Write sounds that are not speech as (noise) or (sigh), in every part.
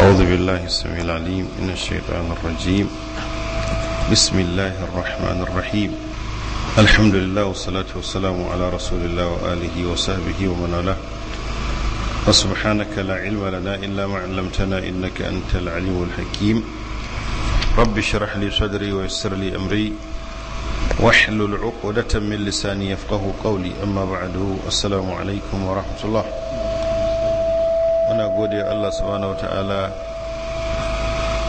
أعوذ بالله السميع العليم من الشيطان الرجيم بسم الله الرحمن الرحيم الحمد لله والصلاة والسلام على رسول الله وآله وصحبه ومن والاه وسبحانك لا علم لنا إلا ما علمتنا إنك أنت العليم الحكيم رب اشرح لي صدري ويسر لي أمري واحلل عقدة من لساني يفقه قولي أما بعد السلام عليكم ورحمة الله muna gode Allah subhanahu wata'ala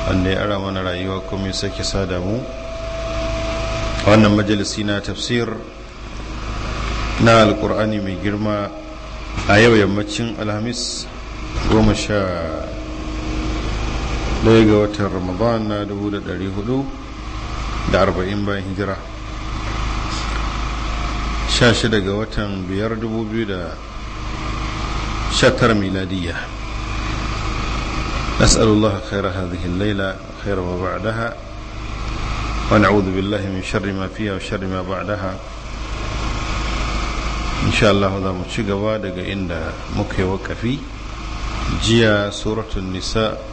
wanda ya ara mana rayuwa kuma ya sake da mu wannan majalisi na tafsir na alkur'ani mai girma a yau yammacin alhamis goma sha daya ga watan ramadan na dubu da da hudu arba'in bayan hijira Sha shida ga watan biyar dubu biyu da 5219 miladiyya نسأل الله خير هذه الليلة وخير ما بعدها ونعوذ بالله من شر ما فيها وشر ما بعدها إن شاء الله ذا متشقوا دقا إن مكي وكفي جيا سورة النساء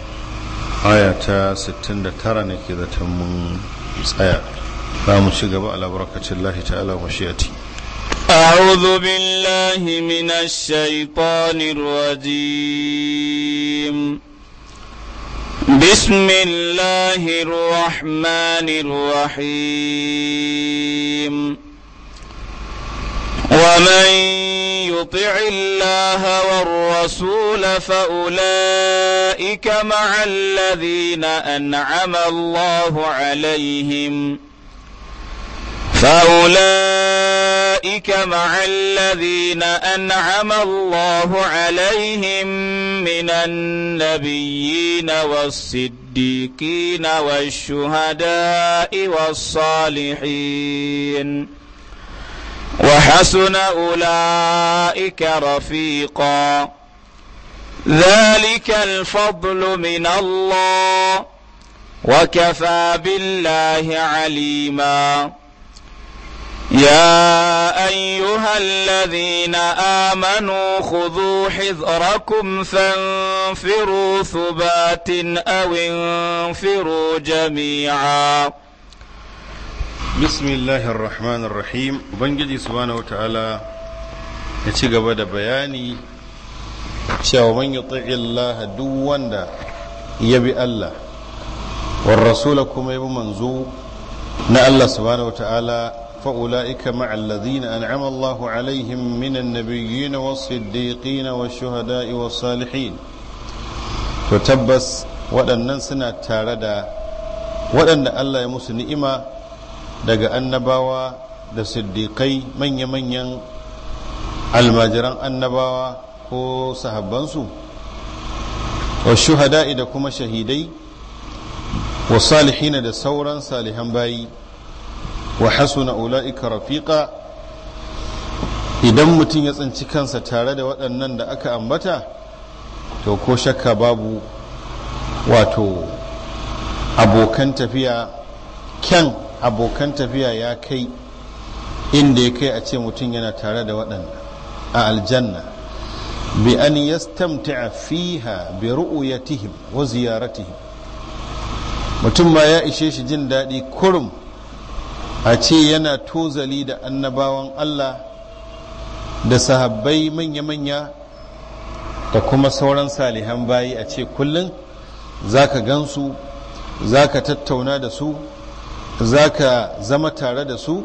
آية ستين ترني كذا تمون آية ذا متشقوا على بركة الله تعالى ومشيئته أعوذ بالله من الشيطان الرجيم بسم الله الرحمن الرحيم ومن يطع الله والرسول فأولئك مع الذين أنعم الله عليهم فأولئك مع الذين أنعم الله عليهم من النبيين والصديقين والشهداء والصالحين وحسن أولئك رفيقا ذلك الفضل من الله وكفى بالله عليماً يا أيها الذين آمنوا خذوا حذركم فانفروا ثبات أو انفروا جميعا بسم الله الرحمن الرحيم بنجي سبحانه وتعالى يتيقى بدا بياني شاو من يطيع الله دوان دا يبي الله والرسول كما يبي منزو نا الله سبحانه وتعالى فأولئك مع الذين أنعم الله عليهم من النبيين والصديقين والشهداء والصالحين تتبس waɗannan suna tare da waɗanda Allah ya musu ni'ima daga annabawa da siddiƙai manya-manyan almajiran annabawa ko sahabbansu wa shuhada'i da kuma shahidai wa salihina da sauran salihan bayi wa hasuna ula'ika rafiqa idan mutum ya tsinci kansa tare da waɗannan da aka ambata to ko shakka babu wato abokan tafiya kyan abokan tafiya ya kai inda ya kai a ce mutum yana tare da waɗannan a aljanna bi an yastamti'a fiha bi ru'yatihim wa ziyaratihim mutum ma ya ishe shi jin daɗi kurum a ce yana tozali da annabawan Allah da sahabbai manya-manya da kuma sauran salihan bayi a ce kullum za ka gansu za ka tattauna da su za ka zama tare da su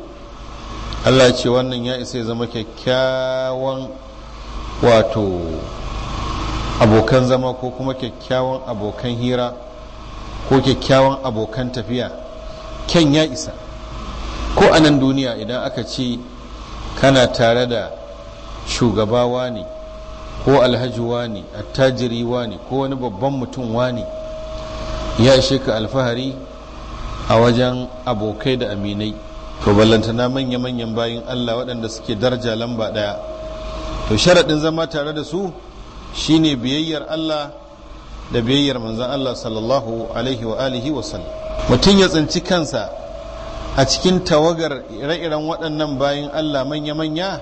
Allah ce wannan ya isa ya zama kyakkyawan wato abokan zama ko kuma kyakkyawan abokan hira ko kyakkyawan abokan tafiya Ken ya isa ko a nan duniya idan aka ce kana tare da shugabawa ne ko Alhaji ne Attajiri ne ko wani babban mutum ne ya ishe ka alfahari a wajen abokai da aminai to ballantana manya-manyan bayan allah waɗanda suke daraja lamba ɗaya to sharaɗin zama tare da su shine biyayyar allah da biyayyar manzan allah sallallahu alaihi wa alihi mutum ya tsinci kansa a cikin tawagar ire-iren waɗannan bayan Allah manya-manya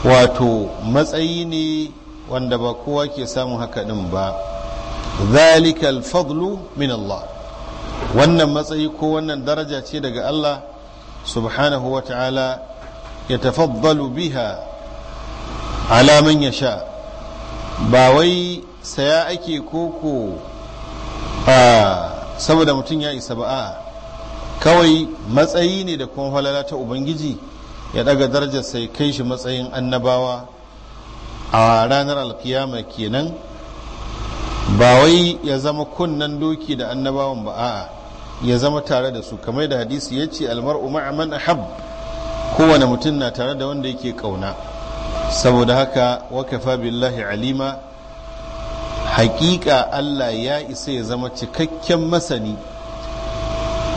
wato matsayi ne wanda ba kowa ke samun haka ɗin ba zalikal fadlu min Allah wannan matsayi ko wannan daraja ce daga Allah subhanahu wa ta'ala ya tafaddalu biha ala manya ya sha ba wai saya ake koko saboda mutum ya isa ba kawai matsayi ne da kuma falala ta ubangiji ya daga darajar sai kai shi matsayin annabawa a ranar alkiyama kenan ba wai ya zama kunnan doki da annabawan ba a'a ya zama tare da su kamar da hadisi ya ce almar'u ma'aman ahab kowane mutum na tare da wanda yake kauna saboda haka wakafa billahi alima hakika allah ya isa ya zama cikakken masani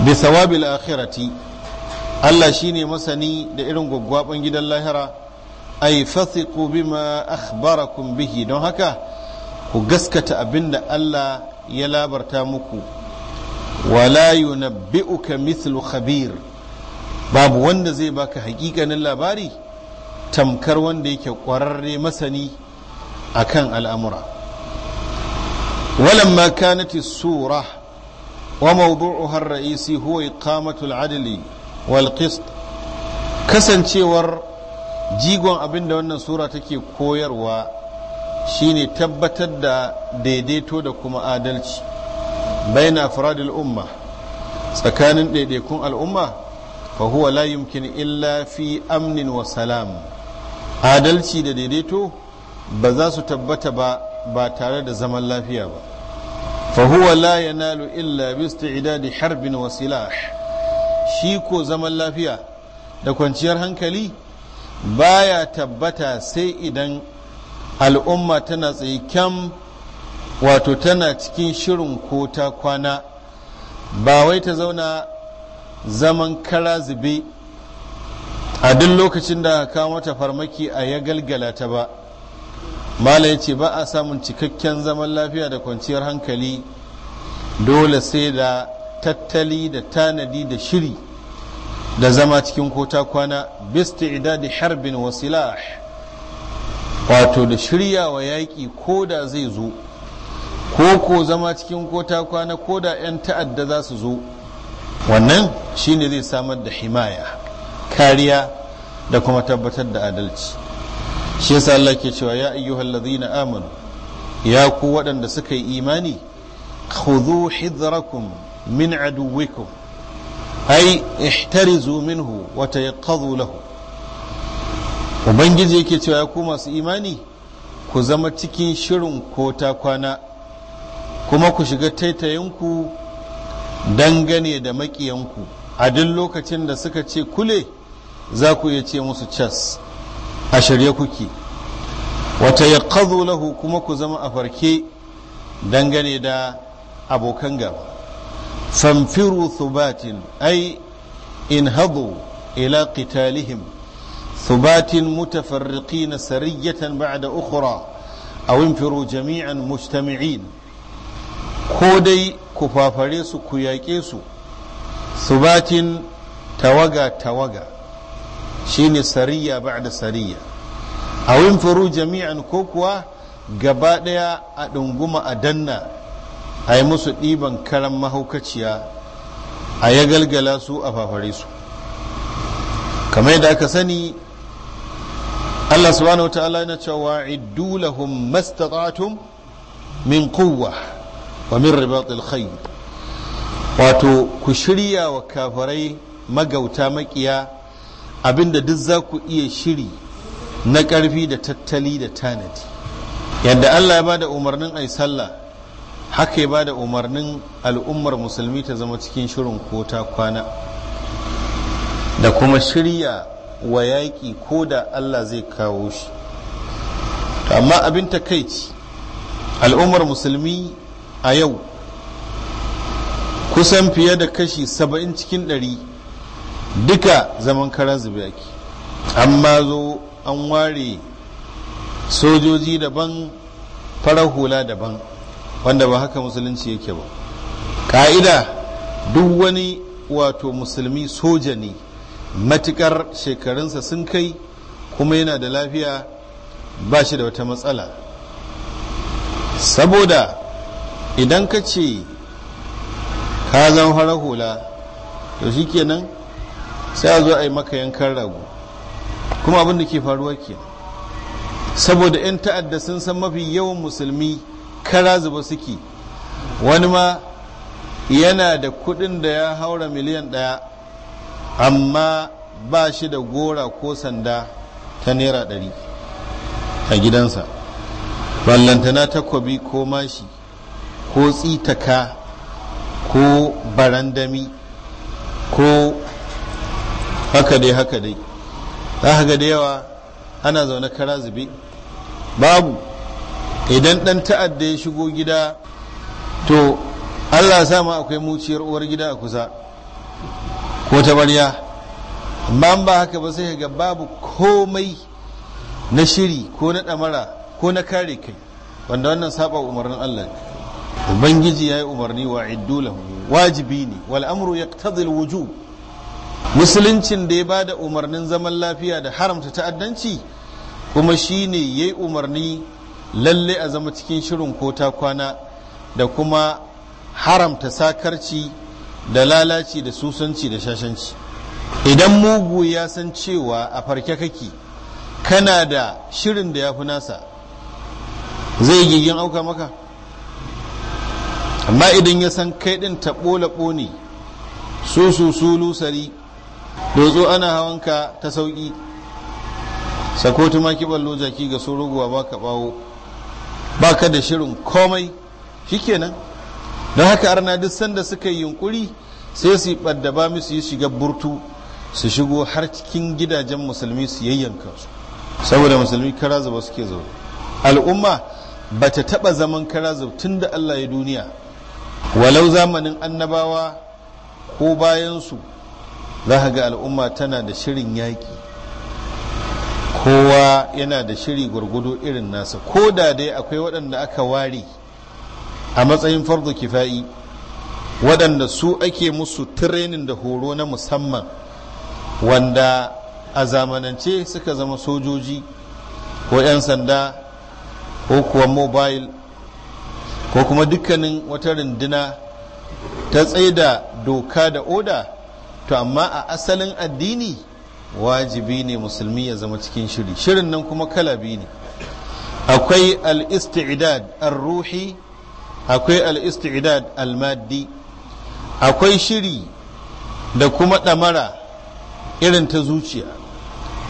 bi sawabil akhirati Allah shine masani da irin gwaggwaban gidan lahira ay fasiqu bima akhbarakum bihi don haka ku gaskata abinda Allah ya labarta muku wala yunabbi'uka mithlu khabir babu wanda zai baka hakikanin labari tamkar wanda yake kwararre masani akan al'amura walamma kanati surah وموضوعها الرئيسي هو إقامة العدل والقسط kasancewar jigon abinda wannan sura take koyarwa shine tabbatar da daidaito da kuma adalci baina afradil umma tsakanin daidaikun al'umma fa huwa la illa fi amnin wa salam adalci da daidaito ba za su tabbata ba ba tare da zaman lafiya ba fahuwa la yanalu illa bi isti'dadi harbin wasila shi ko zaman lafiya da kwanciyar hankali baya tabbata sai idan al'umma tana tsaye wato tana cikin shirin ko ta kwana ba wai ta zauna zaman kara zube a duk lokacin da kawo mata farmaki a ya galgala ta ba mala ya ce ba a samun cikakken zaman lafiya da kwanciyar hankali dole sai da tattali da tanadi da shiri da zama cikin kota kwana ida idadi harbin wasilah wato da shirya wa yaƙi ko da zai zo ko ko zama cikin kota kwana ko da 'yan ta'adda za su zo wannan shine zai samar da himaya kariya da kuma tabbatar da adalci shi yasa Allah ke cewa ya ayyuhal ladhina amanu ya ku waɗanda suka yi imani khudhu hidrakum min aduwikum ai ihtarizu minhu wa tayqadhu lahu ubangiji yake cewa ya ku masu imani ku zama cikin shirin ko ta kwana kuma ku shiga taitayinku dangane da makiyanku a duk lokacin da suka ce kule za ku iya ce musu cas a shirye kuke wata ya lahu kuma ku zama a farke dangane da abokan gaba famfiru thubatin ai in hadu ila qitalihim thubatin mutafarriqina sariyatan da ukhra a infiru jami'an mujtami'in ko dai ku fafare su ku yaƙe su subatin tawaga tawaga shine sariya ba'da sariya a winfuru jami'an ko kuwa gaba daya a ɗunguma a danna a yi musu ɗiban karan mahaukaciya a ya galgala su a fafare su kamar yadda aka sani Allah subhanahu wa ta'ala yana cewa iddu lahum mastata'tum min kowa wa min ribatul khayr wato ku shirya wa kafarai magauta makiya abinda duk za ku iya shiri na ƙarfi da tattali da tanadi yadda Allah ya bada umarnin ai sallah haka ya bada umarnin al'ummar musulmi ta zama cikin shirin ko ta kwana da kuma shirya wa yaƙi ko da Allah zai kawo shi amma abin takaici al'ummar musulmi a yau kusan fiye da kashi saba'in cikin ɗari duka zaman karan zubaki amma zo an ware sojoji daban farar hula daban wanda ba haka musulunci yake ba ka'ida duk wani wato musulmi soja ne matukar shekarunsa sun kai kuma yana da lafiya ba shi da wata matsala saboda idan ka ce ka zama farar hula to shi kenan sai a zo a yi maka yankan rago kuma abin da ke faruwa ke saboda 'yan ta'adda sun san mafi yawan musulmi kara zuba suke wani ma yana da kudin da ya haura miliyan daya amma ba shi da gora ko sanda ta naira ɗari a gidansa ballantana takobi ko mashi ko tsitaka ko barandami ko haka dai haka dai za ga da yawa ana zaune kara zube babu idan dan ta'adda ya shigo gida to allah ya ma akwai muciyar uwar gida a kusa ko ta barya amma ba haka ba sai ga babu komai na shiri ko na ɗamara ko na kare kai wanda wannan saba umarnin allah ubangiji ya yi umarni wa iddu wajibi ne wal amru yaqtadil wujub musuluncin da ya ba da umarnin zaman lafiya da haramta ta'addanci kuma shi ne ya yi umarni lalle a zama cikin shirin ko ta kwana da kuma haramta sakarci da lalaci da susanci da shashanci idan mugu ya san cewa a farke kake kana da shirin da ya fi nasa zai gigin auka maka amma idan ya san kai ɗin taɓo-laɓo ne su su su lusari dotso ana hawanka ta sauƙi sako tumaki ballo jaki ga sun ruguwa ba ka bawo ba ka da shirin komai shikenan don haka arna duk sanda suka yi yunkuri sai su yi ɓaddaba musu yi shiga burtu su shigo har cikin gidajen musulmi su yayyanka su saboda musulmi kara zuba suke zaune al'umma ba ta taɓa zaman kara zuba tun da allah ya duniya walau zamanin annabawa ko bayansu za ka ga al'umma tana da shirin yaƙi kowa yana da shiri gwargwado irin nasa ko da dai akwai waɗanda aka ware a matsayin fardu kifa'i waɗanda su ake musu tirenin da horo na musamman wanda a zamanance suka zama sojoji ko 'yan sanda ko kuwa mobile ko kuma dukkanin wata runduna ta tsaida doka da oda to amma a asalin addini wajibi ne musulmi ya zama cikin shiri shirin nan kuma kalabi ne akwai al-istidad ar-ruhi akwai al-istidad al-maddi akwai shiri da kuma ɗamara irin ta zuciya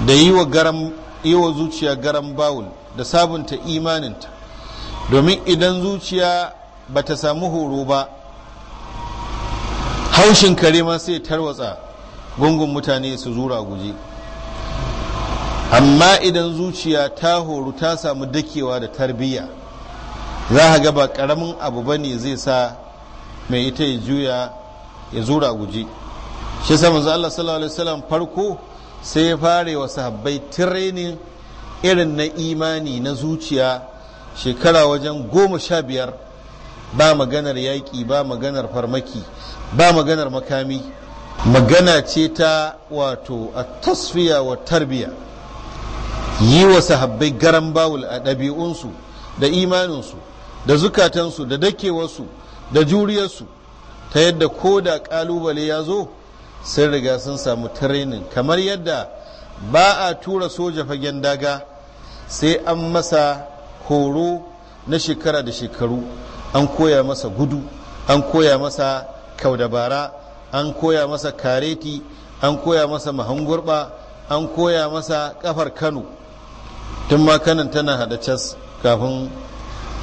da yi wa garam yi wa zuciya garan bawul da sabunta imaninta domin idan zuciya bata samu horo ba haushin karima ma sai tarwatsa gungun mutane su zura guje amma idan zuciya ta horu ta samu dakewa da tarbiyya za ga ba karamin abu ba ne zai sa mai ita ya juya ya zura guji shi sa za Allah sallallahu alaihi wasallam farko sai ya fara wa sahabbai training irin na imani na zuciya shekara wajen goma sha biyar ba maganar yaƙi ba maganar farmaki ba maganar makami magana ce ta wato a tasfiya wa tarbiya yi wa sahabbai garan bawul a ɗabi'unsu da imaninsu da zukatansu da dakewarsu da juriyarsu ta yadda ko da ƙalubale ya zo sai riga sun samu tirenin kamar yadda ba a tura soja fagen daga sai an masa horo na shekara da shekaru an koya masa gudu an koya masa kau da bara an koya masa kareti an koya masa mahangurba an koya masa kafar kano tun ma kanan tana hada cas kafin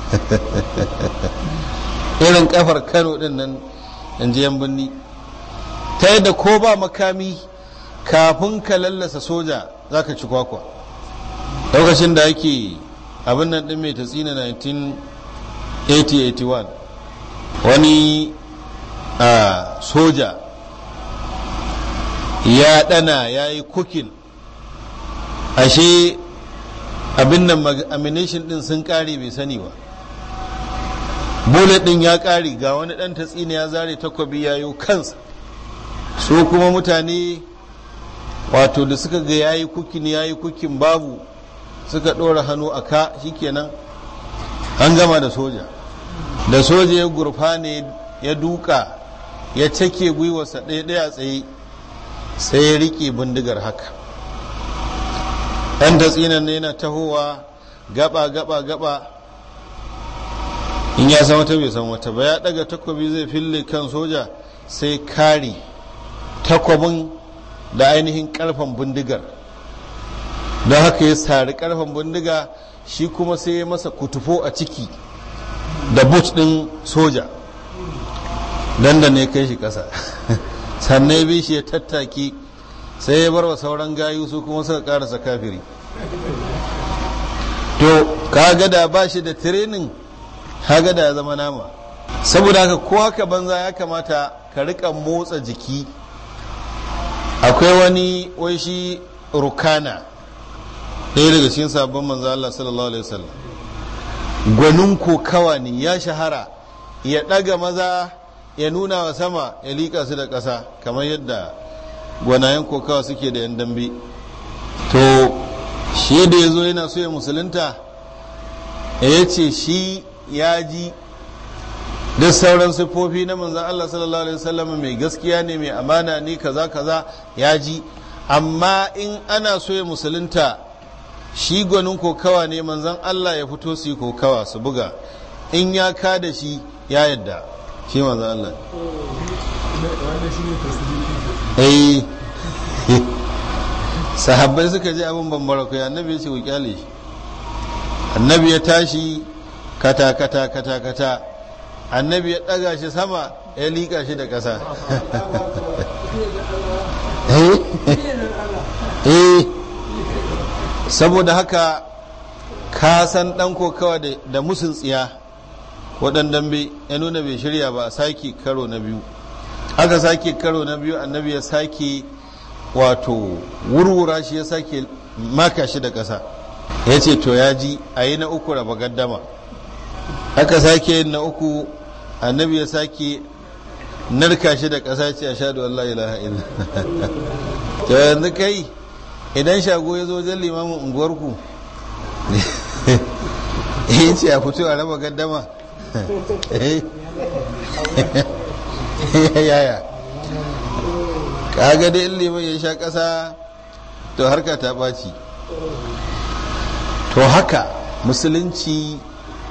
(laughs) irin kafar kano din nan in ji yan birni ta yadda ko ba makami kafin ka lallasa soja za ka ci kwakwa lokacin da ake abin nan din mai tatsina tsina 1981 wani a soja ya ɗana ya yi kukin ashe abin nan amination ɗin sun kare bai sani ba bullet ɗin ya ƙare ga wani ɗan tatsina ya zare takwabi ya yi kansa so kuma mutane wato da suka ga ya yi kukin ya yi kukin babu suka ɗora hannu a ka shikenan an gama da soja da soja ya gurfa ne ya duka ya cake gwiwarsa ɗaya a tsaye sai ya riƙe bindigar haka ɗan tatsinan ne yana tahowa gaba gaba gaba in ya san wata bai san wata ba ya ɗaga takobi zai fille kan soja sai kare takwabin da ainihin ƙarfen bindigar don haka ya sari ƙarfen bindiga shi kuma sai ya masa kutufo a ciki da but ɗin soja dandan ne kai shi ƙasa (laughs) sannan bi shi ya tattaki sai ya bar wa sauran gayu su kuma suka karasa kafiri to ka ga da ba shi da tirenin kaga da ya zama nama saboda haka kowa ka banza ya kamata ka rika motsa jiki akwai wani wai shi rukana ɗaya daga cikin sabon manzo Allah sallallahu alaihi wasallam gwanin kokawa ne ya shahara ya ɗaga maza ya nuna wa sama ya liƙa su da ƙasa kamar yadda gwanayen kokawa suke da 'yan dambe to shi da ya zo yana so ya musulunta ya ce shi ya ji duk sauran siffofi na manzan Allah sallallahu alaihi wasallam mai gaskiya ne mai amana ne kaza kaza ya ji amma in ana so ya musulunta shi gwanin kokawa ne manzan Allah ya fito su yi kokawa su buga in ya ka da shi ya yadda shi manzo Allah eh, eh. (laughs) sahabbai suka je abin bambara ku annabi ya ce ku kyale shi annabi ya tashi kata kata kata kata annabi ya daga shi sama ya liƙa shi da ƙasa (laughs) eh. (laughs) eh saboda haka ka san ɗan kokawa da musun tsiya waɗannan bai ya nuna bai shirya ba a sake karo na biyu aka sake karo na biyu annabi ya sake wato wurwura shi ya sake maka shi da ƙasa ya ce to ya ji a yi na uku raba gaddama aka sake yin na uku annabi ya sake narka shi da ƙasa ce a shaɗu Allah ilaha illa to yanzu kai idan shago ya zo wajen limamin unguwarku (laughs) ya ce a fito a raba gaddama Eh. (laughs) yaya kaga da in liman ya sha ƙasa to harka ta baci. to haka musulunci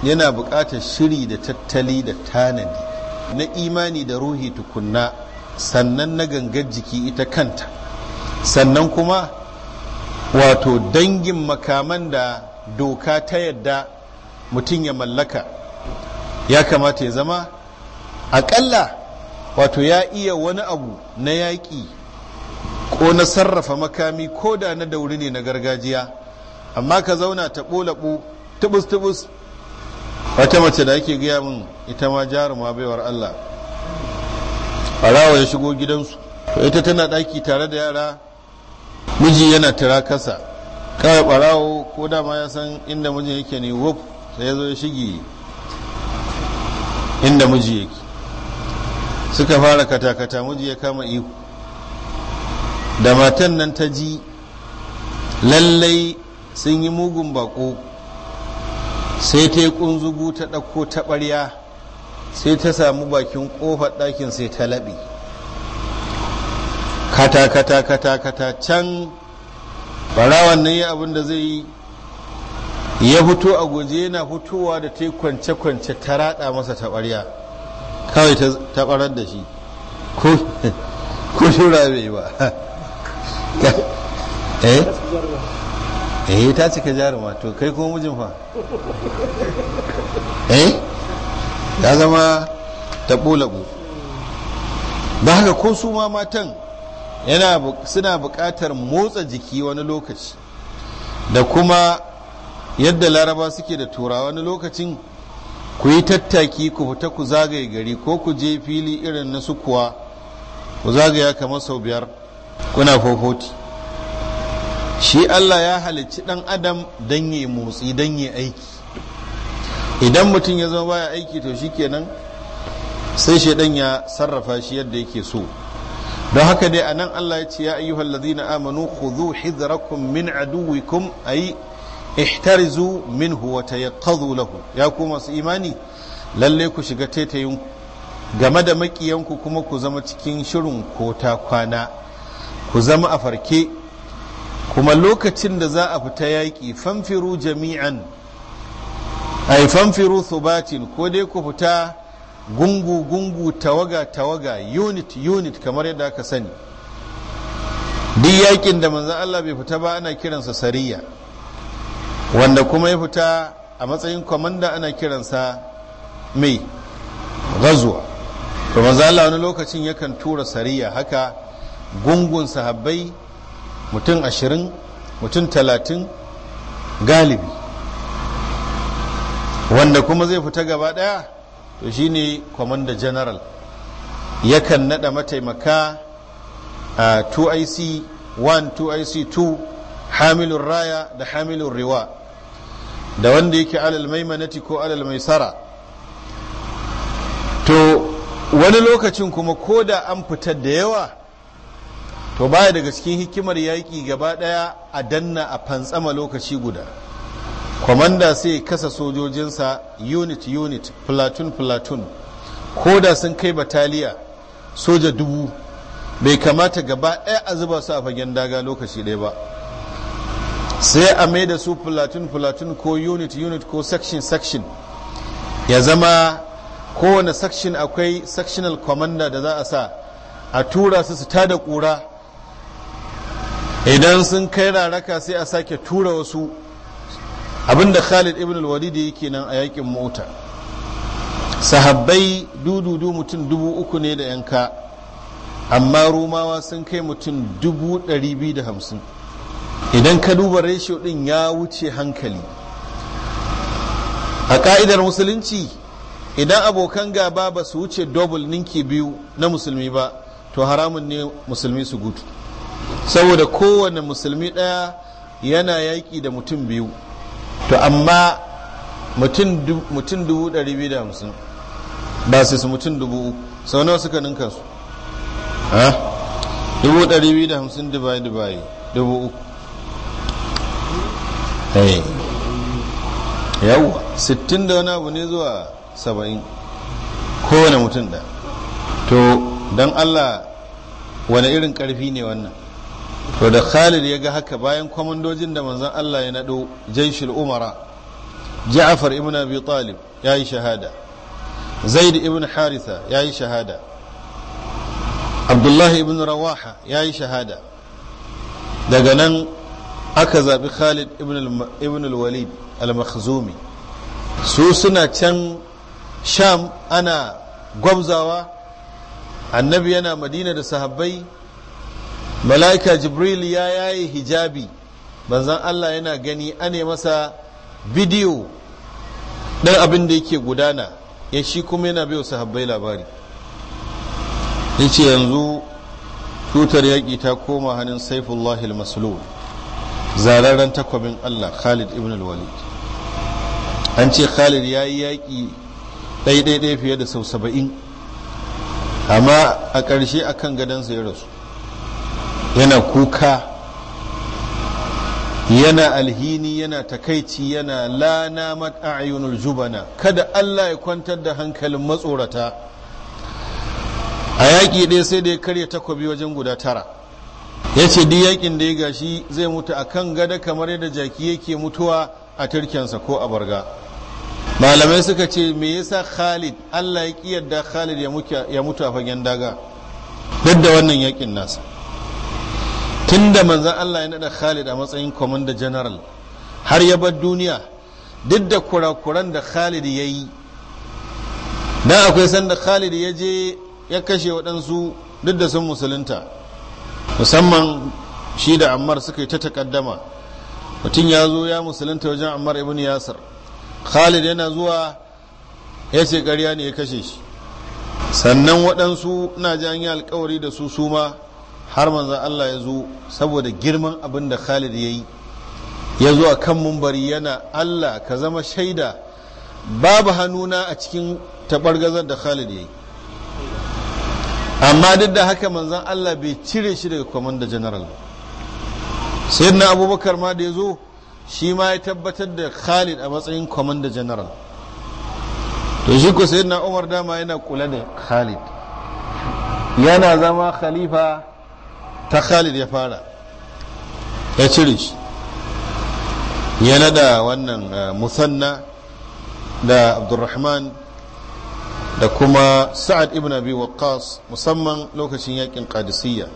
yana buƙatar shiri da tattali da tanadi na imani da ruhi tukunna sannan na gangar jiki ita kanta sannan kuma wato dangin makaman da doka ta yadda mutum ya mallaka ya kamata ya zama aƙalla wato ya iya wani abu na yaƙi ko na sarrafa makami ko da na dauri ne na gargajiya amma ka zauna ta ɓolaɓo tubus-tubus wata mace da ake gaya min ita ma jaruma baiwar Allah ɓarawa ya shigo gidansu ita tana ɗaki tare da yara miji yana tira kasa kawai ɓarawo ko dama ya san inda mijin yake ne wuf sai ya zo ya shige inda miji yake suka fara katakata miji ya kama iko da matan nan ta ji lallai sun yi mugun bako sai ta yi kunzugu ta ɗauko ta ɓarya sai ta samu bakin ƙofar ɗakin sai ta laɓe kata kata kata kata can ɓarawan nan yi abin da zai yi ya fito a guje yana fitowa da ta kwance-kwance ta rada masa taɓarya kawai ta ɓarar da shi ko shura bai ba (laughs) eh? eh ta cika jaruma to kai kuma mijin fa eh ya zama ta laɓo ba haka ko su ma matan suna buƙatar motsa jiki wani lokaci da kuma yadda laraba suke da turawa wani lokacin ku yi tattaki ku fita ku zagaye gari ko ku je fili irin na kuwa ku zagaya kamar sau biyar kuna fofoti shi Allah ya halicci ɗan adam don yi motsi don yi aiki idan mutum ya zama baya aiki to shi kenan sai shaidan ya sarrafa shi yadda yake so don haka dai a nan Allah ya ce ya ayyuhal amanu khudhu hidrakum min Kum, ay ihtarizu minhu wa tayaqqadhu lahu ya ku masu imani lalle ku shiga taitayin game da makiyanku kuma ku zama cikin shirin ko ta kwana ku zama a farke kuma lokacin da za a fita yaƙi famfiru jami'an ai famfiru thubatin ko dai ku fita gungu gungu tawaga tawaga unit unit kamar yadda aka sani duk yaƙin da manzan Allah bai fita ba ana kiransa sariya wanda kuma ya fita a matsayin kwamanda ana kiransa mai gazuwa to manzala wani lokacin yakan tura sariya haka gungun sahabbai mutum ashirin mutum talatin galibi wanda kuma zai fita gaba daya to shi ne kwamanda general yakan nada mataimaka a 2ic 1 2ic 2 hamilun raya da hamilun riwa da wanda yake alal maimanati ko alal maisara to wani lokacin kuma ko da an fitar da yawa to baya daga cikin hikimar yaƙi gaba ɗaya a danna a fantsama lokaci guda kwamanda sai kasa sojojinsa unit unit platoon platoon ko da sun kai bataliya soja dubu bai kamata gaba ɗaya a zuba su a fagen daga lokaci ɗaya ba sai a mai da su platin platin ko unit unit ko section section ya zama kowane section akwai sectional commander da za a sa a tura su su tada kura idan sun kai raraka sai a sake tura wasu abinda khalid ibn al-walid yake nan a yakin mota sahabbai dududu mutum dubu uku ne da yanka amma rumawa sun kai mutum dubu ɗari biyu da hamsin idan ka duba ratio din ya wuce hankali a ka'idar musulunci idan abokan gaba ba su wuce double ninki biyu na musulmi ba to haramun ne musulmi su gudu saboda kowane musulmi ɗaya yana yaƙi da mutum biyu to amma mutum dubu ɗari biyu da hamsin ba su su mutum dubu uku sau nawa suka ninka su dubu ɗari biyu da hamsin dubai dubai dubu uku eh yawa sittin da wani abu ne zuwa saba'in kowane mutum da to don allah wani irin karfi ne wannan to da khalid ya ga haka bayan kwamandojin da manzan allah ya naɗo jaishul umara ja'afar ibn abi talib ya yi shahada zaid ibn haritha ya yi shahada abdullahi ibn rawaha ya yi shahada daga nan aka zaɓi khalid ibn al-walid al-makhzumi su suna can sham ana gwabzawa annabi yana madina da sahabbai mala'ika jibril ya yaye hijabi manzan allah yana gani ane masa bidiyo ɗan abin da yake gudana ya shi kuma yana biyo sahabbai labari yace yanzu tutar yaƙi ta koma hannun saifullahil al zararren takwabin Allah Khalid ibn al-Walid an ce Khalid ya yi yaƙi ɗaiɗaiɗai fiye da sau saba'in amma a ƙarshe akan gadonsa ya rasu yana kuka yana alhini yana takaici yana lana mat'ayunul jubana kada Allah ya kwantar da hankalin matsorata a yaƙi ɗaya sai da ya karya takwabi wajen guda tara ya ce duk yakin da ya gashi zai mutu a kan gada kamar yadda jaki yake mutuwa a turkiyansa ko a barga malamai suka ce me yasa khalid allah ya ki yadda khalid ya mutu a fagen daga duk da wannan yakin nasa tun da manzan allah ya naɗa khalid a matsayin commander general har ya bar duniya duk da kurakuran da khalid ya yi dan akwai sanda khalid ya je ya kashe waɗansu duk da sun musulunta musamman shi da ammar suka yi ta takaddama mutum ya zo ya musulunta wajen ammar ibn yasir khalid yana zuwa ya ce karya ne ya kashe shi sannan waɗansu na ji an yi alkawari da su suma, ma har manzan allah ya zo saboda girman abin da khalid ya yi ya zo a kan mumbari yana allah ka zama shaida babu hannuna a cikin taɓargazar da khalid ya yi amma duk da haka manzan Allah bai cire shi daga kwamanda general ba na abubakar ma da ya zo shi ma ya tabbatar da khalid a matsayin kwamanda general to shi ko na umar dama yana kula da khalid yana zama khalifa ta khalid ya fara ya cire shi yana da wannan eh, musanna da abdurrahman da kuma sa'ad ibn abi waqqas musamman lokacin yakin qadisiyya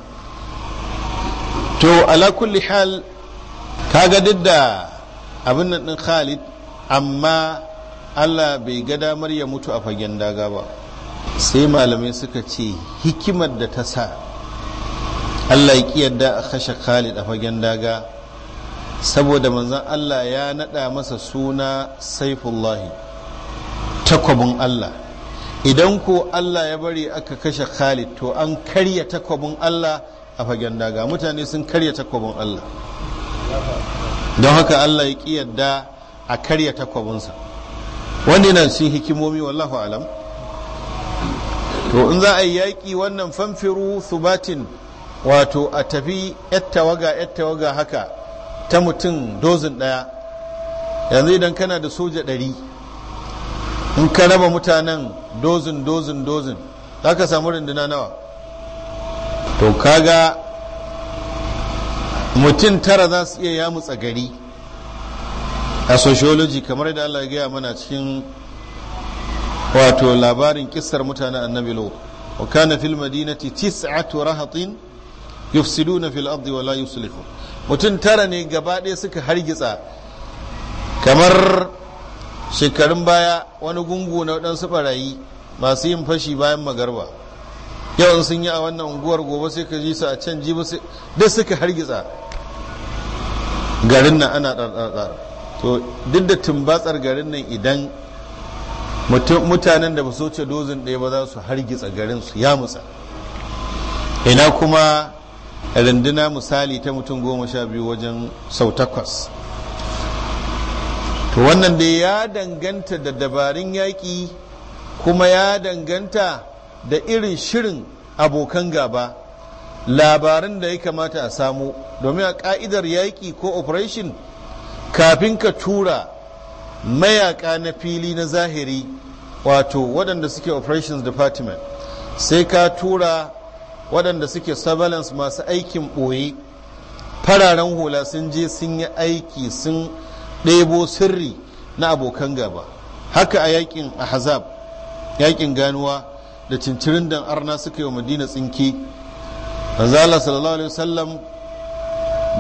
to ala kulli hal kaga didda abin nan din khalid amma allah bai ga damar ya mutu a fagen daga ba sai malamai suka ce hikimar da ta sa allah ya kiyarda a kashe khalid a fagen daga saboda manzan allah ya nada masa suna saifullahi takwabin allah idan ko Allah ya bari aka kashe Khalid to an karya takwabin Allah a fagen daga mutane sun karya takwabin Allah don haka Allah ya ƙi yadda a karya takwabinsa wanda yana sun hikimomi wallahu alam to in za a yi yaƙi wannan famfiru subatin wato a tafi yattawaga yattawaga haka ta mutum dozin ɗaya yanzu idan kana da soja ɗari in ka raba mutanen dozin dozin dozin za ka samu runduna nawa to kaga mutum tara za su iya yamutsa gari a sociology kamar da Allah gaya mana cikin wato labarin kissar mutanen annabi lo wa kana fil madinati tis'atu rahatin yufsiduna fil ardi wa la yuslihu mutum tara ne gaba ɗaya suka hargitsa kamar shekarun baya wani gungu na waɗansu barayi masu yin fashi bayan magarba yawan sun yi a wannan unguwar gobe sai ka ji su a can jibi duk suka hargitsa garin nan ana ɗarɗarɗar to duk da tumbatsar garin nan idan mutanen da ba su wuce dozin ɗaya ba za su hargitsa garin su ya musa ina kuma rinduna misali ta mutum goma sha biyu wajen sau takwas to wannan da ya danganta da dabarun yaƙi kuma ya danganta da irin shirin abokan gaba labarin da ya kamata a samu domin a ƙa'idar yaƙi ko operation kafin ka tura mayaka na fili na zahiri wato waɗanda suke operations department sai ka tura waɗanda suke surveillance masu aikin ɓoye fararen hula sun je sun yi aiki sun ɗebo sirri na abokan gaba haka a yakin ahzab yakin ganuwa da cincirin dan arna suka yi wa madina tsinki manzala sallallahu alaihi wasallam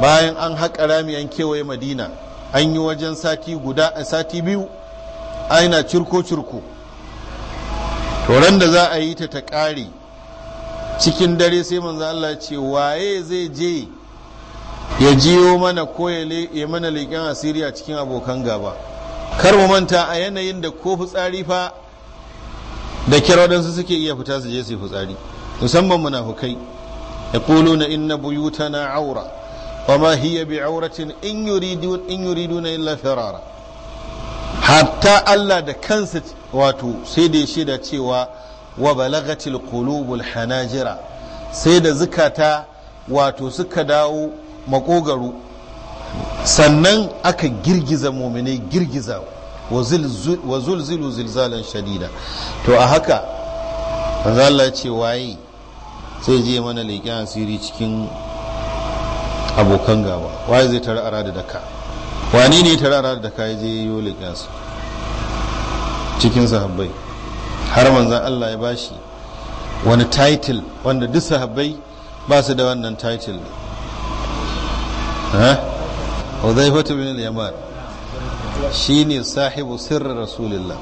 bayan an haƙa rami an kewaye madina an yi wajen sati guda a eh, sati biyu aina cirko-cirko da za a yi ta ta ƙare cikin dare sai manzo Allah ce waye zai je ya jiyo mana ko ya mana leƙen asiri a cikin abokan gaba kar mu manta a yanayin da ko fitsari fa da kiraɗansu suke iya fita su je su yi fitsari musamman munafukai yaquluna inna na aura wama hiya bi'auratin in yuridun in yuriduna illa firara hatta Allah da kansa wato sai da shida cewa wa balagatil qulubul hanajira sai da zukata wato suka dawo makogaro sannan aka girgiza muminai girgiza wa zulzilu zilzalan shadida to a haka Allah ce waye sai je mana leƙen asiri cikin abokan gaba waye zai tara ara da daka wani ne tara ara da daka ya je yi leƙen su cikin sahabbai har manzan Allah ya bashi wani title wanda duk sahabbai ba su da wannan title ne huzaifatu bin al shi ne sahibu sirri rasulillah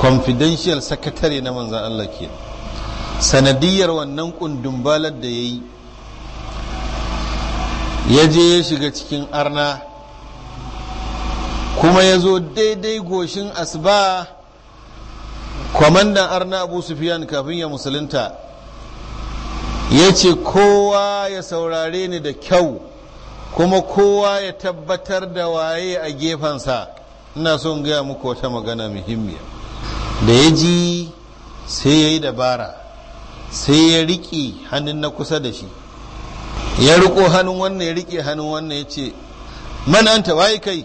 confidential secretary na manzan Allah ke sanadiyar wannan balar da ya yi ya je ya shiga cikin arna kuma ya zo daidai goshin asba kwamandan arna abu sufiyan kafin ya musulunta ya ce kowa ya saurare ni da kyau kuma kowa ya tabbatar da waye a gefensa ina son gaya muku wata magana muhimmiya da ya ji sai ya yi dabara sai ya riƙe hannun na kusa da shi ya riƙo hannun wannan ya riƙe hannun wannan ya ce mananta waye kai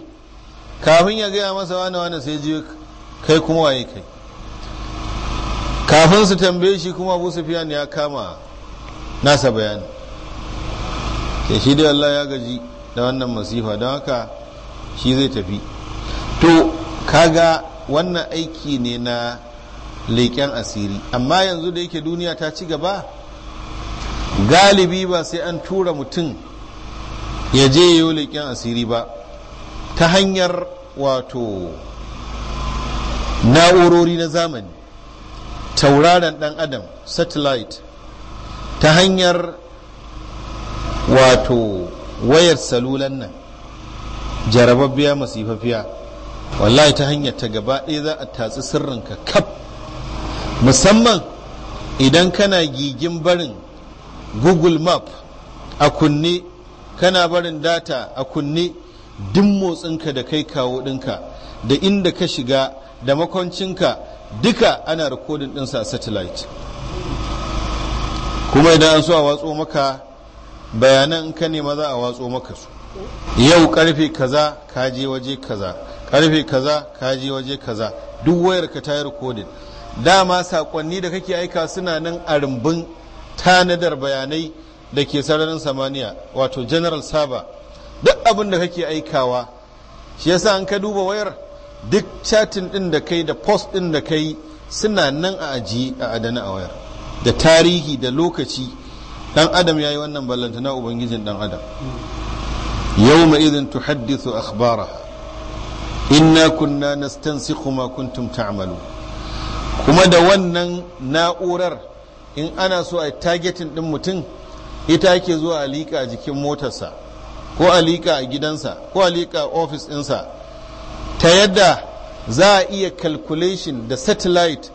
kafin ya gaya masa wani wani sai ji kai kuma waye kai kafin su tambaye shi kuma abu sufiyan ya kama nasa bayani ke shi dai Allah ya gaji da wannan masifa don haka shi zai tafi to kaga wannan aiki ne na leƙen asiri amma yanzu da yake duniya ta ci gaba galibi ba sai an tura mutum ya je yi leƙen asiri ba ta hanyar wato na'urori na zamani tauraron dan adam satellite ta hanyar wato wayar salulan nan jarababbiya masifafiya wallahi ta hanyar ta gaba ɗaya za a tatsi sirrinka kaf musamman idan kana gigin barin google map a kunne kana barin data a kunne duk motsinka da kai kawo ɗinka da inda ka shiga da makwancinka duka ana rikodin ɗinsa a satellite kuma idan an so a watso maka bayanan ka ne maza a watso maka su yau karfe kaza ka je waje kaza karfe kaza ka je waje kaza duk wayar ka ta yi rikodin dama sakonni da kake aika suna nan a rumbun tanadar bayanai da ke sararin samaniya wato general saba duk abin da kake aikawa shi yasa an ka duba wayar duk chatin din da kai da post din da kai suna nan a ajiye a adana a wayar da tarihi da lokaci dan adam yayi wannan ballanta na ubangijin dan adam yawma idhin tuhaddithu akhbaraha inna kunna nastansikhu ma kuntum ta'malu kuma da wannan na'urar in ana so a targetin din mutum ita ke zuwa a liƙa a jikin motarsa ko a liƙa a gidansa ko a liƙa a ofis ɗinsa ta yadda za a iya calculation da satellite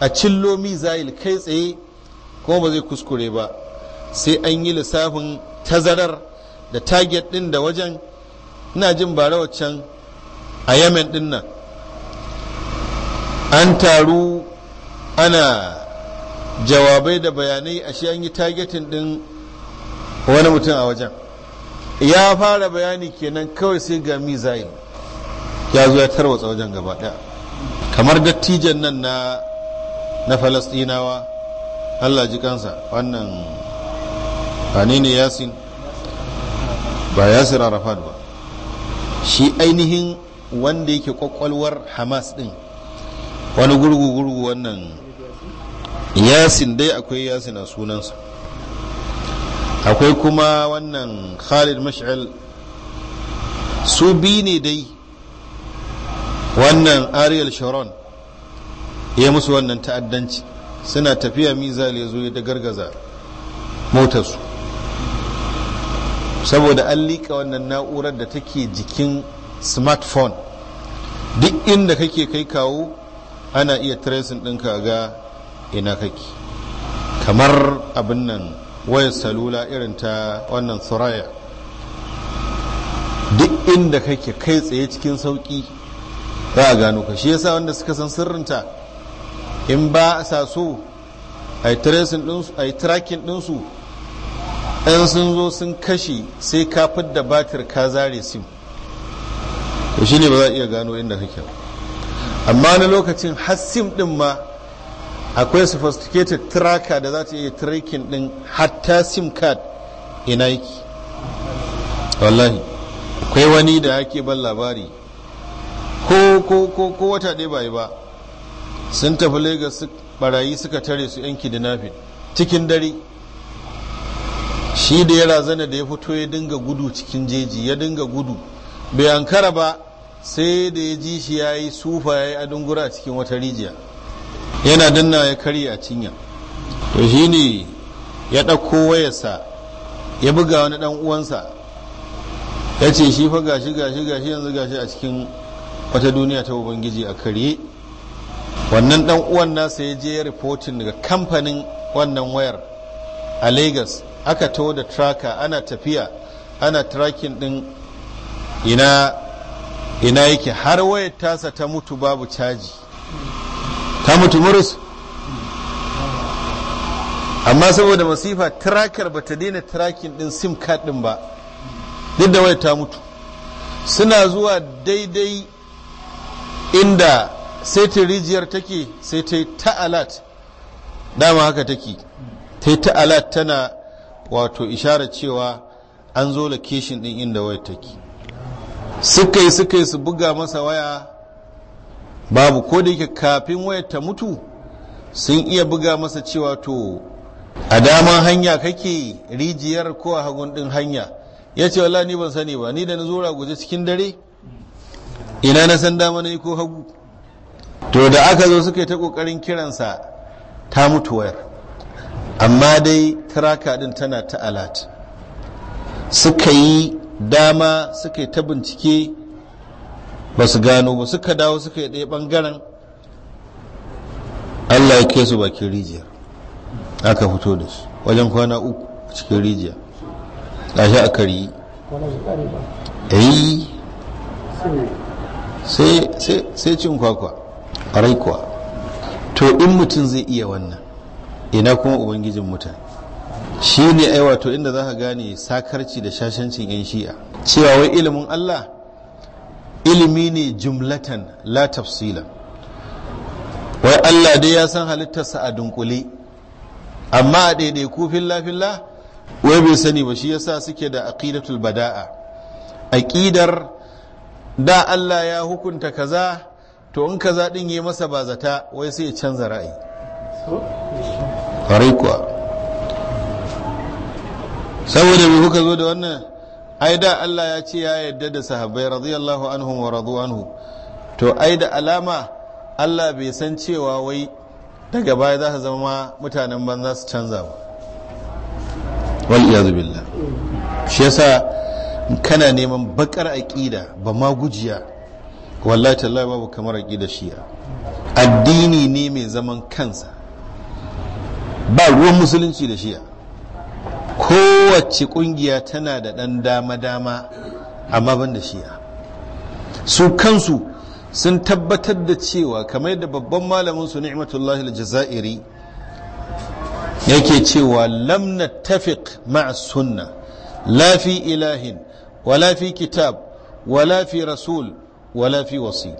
a cillo mizail kai tsaye kuma ba zai kuskure ba sai an yi lissafin tazarar da target ɗin da wajen ina jin bara waccan a yamen din nan an taru ana jawabai da bayanai ashe an yi targetin ɗin wani mutum a wajen ya fara bayani kenan kawai sai ga mizail ya zo ya tarwatsa wajen gaba daya kamar dattijan nan na na falastinawa allah ji kansa wannan wane ne yasin ba yasir arafat ba shi ainihin wanda yake kwakwalwar hamas din wani gurgu-gurgu wannan yasin dai akwai yasin a sunansa akwai kuma wannan khalid mash'al su bi ne dai wannan ariel sharon ya musu wannan ta'addanci suna tafiya mizal ya zo ya da gargaza motarsu saboda an liƙa wannan na'urar da take jikin smartphone duk inda kake kai kawo ana iya tracing ɗinka ga ina kake kamar abin nan wayar salula irin ta wannan suraya duk inda kake kai tsaye cikin sauƙi za a gano ka shi yasa wanda suka san sirrinta in ba a sa so a yi tracking ɗinsu in sun zo sun kashe sai ka da batir ka zare sim to shi ne ba za a iya gano inda kake amma na lokacin har sim din ma akwai sophisticated tracker da za ta iya tracking din hatta sim card ina yake wallahi akwai wani da yake ban labari ko ko ko ko wata ɗaya bai ba sun tafi lagos barayi suka tare su yan kidnapping cikin dare shi da ya razana da ya fito ya dinga gudu cikin jeji ya dinga gudu bai ankara ba sai da ya ji shi ya yi sufa ya yi adungura a cikin wata rijiya yana danna ya karya a cinya to shi ne ya ɗauko wayarsa ya buga wani ɗan uwansa ya ce shi fa gashi gashi gashi yanzu gashi a cikin wata duniya ta ubangiji a karye wannan ɗan uwan nasa ya je ya rifotin daga kamfanin wannan wayar a lagos aka to da tracker ana tafiya ana tracking din ina ina yake har wayar tasa ta mutu babu caji ta mutu murus amma saboda masifa tracker bata ta daina tracking din sim card din ba duk da wayar ta mutu suna zuwa daidai inda sai ta rijiyar take sai ta yi ta alert dama haka take ta ta alert tana wato ishara cewa an zo location din inda waya take suka yi suka yi su buga masa waya babu ko da yake kafin wayar ta mutu sun iya buga masa cewa to a daman hanya kake rijiyar ko a hagun din hanya ya ce wala ni ban sani ba ni da na zura guje cikin dare ina na san dama na yi ko hagu to da aka zo suka yi ta kokarin kiransa ta mutu wayar amma dai traka din tana ta alat suka yi dama suka yi ta bincike ba su gano ba suka dawo suka yi ɗaya ɓangaren allah ya kai su bakin rijiya aka fito da su wajen kwana uku a cikin rijiya gashi a kari yi eh. sai cin kwakwa a kuwa to in mutum zai iya wannan ina kuma ubangijin mutane shi ne wato inda za ka gane sakarci da shashancin yan shi'a cewa wai ilimin Allah ilimi ne jumlatan la tafsila wai Allah dai ya san halittarsa a dunkule amma a ku filla-filla wai bai sani ba shi yasa suke da aqidatul bada'a aqidar da Allah ya hukunta kaza to in kaza din yi masa ba zata wai sai ya canza ra'ayi kwarai kuwa saboda mai kuka zo da wannan ai da Allah ya ce ya yarda da sahabbai radiyallahu anhu wa radu to ai da alama Allah bai san cewa wai daga baya za su zama mutanen banza su canza ba wal iyazu billah shi yasa kana neman bakar aƙida ba ma gujiya wallahi tallahi babu kamar shi shi'a addini ne mai zaman kansa ba ruwan musulunci da shiya kowace kungiya tana da ɗan dama-dama amma ban da shiya su kansu sun tabbatar da cewa kamar da babban malamin su ni'matullahi al-jazairi yake cewa lam nattafiq ma'a sunna la fi ilahin wala fi kitab wala fi rasul wala fi wasi